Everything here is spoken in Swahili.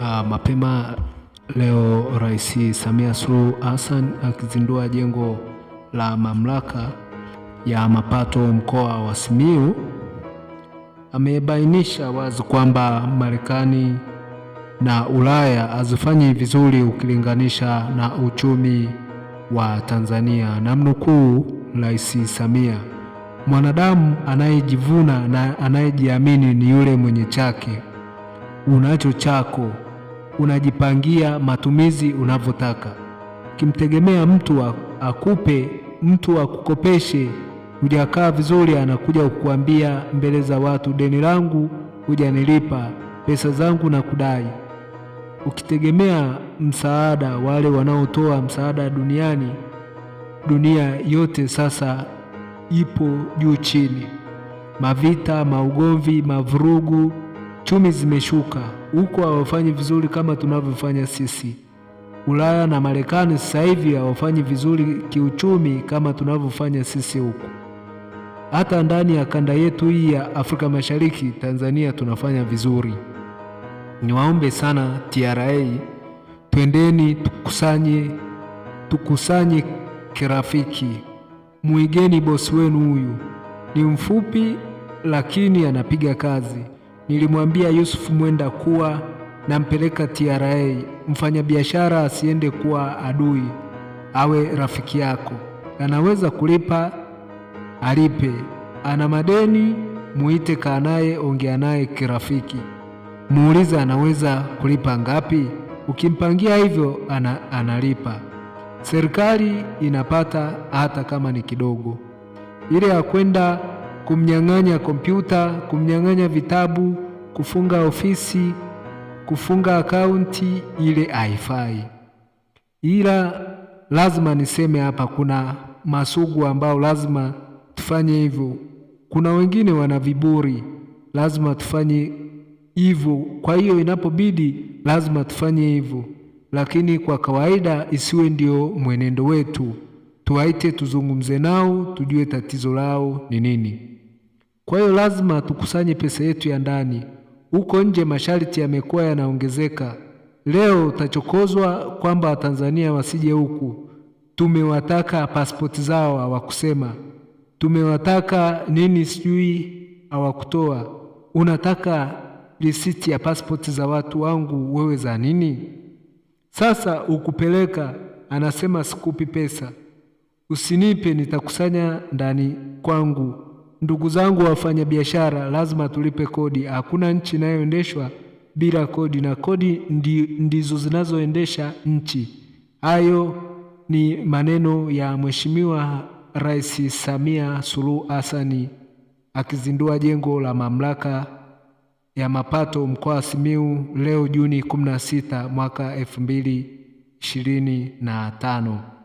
Uh, mapema leo Rais Samia Suluhu Hassan akizindua jengo la mamlaka ya mapato mkoa wa simiu amebainisha wazi kwamba Marekani na Ulaya hazifanyi vizuri ukilinganisha na uchumi wa Tanzania. Namnukuu Rais Samia, mwanadamu anayejivuna na anayejiamini ni yule mwenye chake unacho chako, unajipangia matumizi unavyotaka. Kimtegemea mtu akupe, mtu akukopeshe, hujakaa vizuri, anakuja kukuambia mbele za watu, deni langu hujanilipa, pesa zangu na kudai. Ukitegemea msaada, wale wanaotoa msaada duniani, dunia yote sasa ipo juu chini, mavita, maugomvi, mavurugu Chumi zimeshuka huko, hawafanyi vizuri kama tunavyofanya sisi. Ulaya na Marekani sasa hivi hawafanyi vizuri kiuchumi kama tunavyofanya sisi huku. Hata ndani ya kanda yetu hii ya Afrika Mashariki, Tanzania tunafanya vizuri. Niwaombe sana TRA, twendeni tukusanye, tukusanye kirafiki. Muigeni bosi wenu, huyu ni mfupi lakini anapiga kazi. Nilimwambia Yusufu Mwenda kuwa nampeleka TRA, mfanyabiashara asiende kuwa adui, awe rafiki yako. Anaweza kulipa alipe, ana madeni muite, kaa naye, ongea naye kirafiki, muulize anaweza kulipa ngapi. Ukimpangia hivyo ana, analipa. Serikali inapata hata kama ni kidogo. Ile ya kwenda kumnyang'anya kompyuta, kumnyang'anya vitabu, kufunga ofisi, kufunga akaunti, ile haifai. Ila lazima niseme hapa, kuna masugu ambao lazima tufanye hivyo. Kuna wengine wana viburi, lazima tufanye hivyo. Kwa hiyo inapobidi, lazima tufanye hivyo, lakini kwa kawaida isiwe ndio mwenendo wetu. Tuwaite, tuzungumze nao, tujue tatizo lao ni nini. Kwa hiyo lazima tukusanye pesa yetu ya ndani. Huko nje masharti yamekuwa yanaongezeka. Leo utachokozwa kwamba Watanzania wasije huku, tumewataka pasipoti zao hawakusema, tumewataka nini sijui hawakutoa. Unataka risiti ya pasipoti za watu wangu wewe za nini? Sasa ukupeleka anasema sikupi pesa, usinipe, nitakusanya ndani kwangu. Ndugu zangu wafanyabiashara, lazima tulipe kodi. Hakuna nchi inayoendeshwa bila kodi, na kodi ndi, ndizo zinazoendesha nchi. Hayo ni maneno ya Mheshimiwa Rais Samia Suluhu Hassan akizindua jengo la mamlaka ya mapato mkoa wa Simiyu leo Juni 16 mwaka 2025.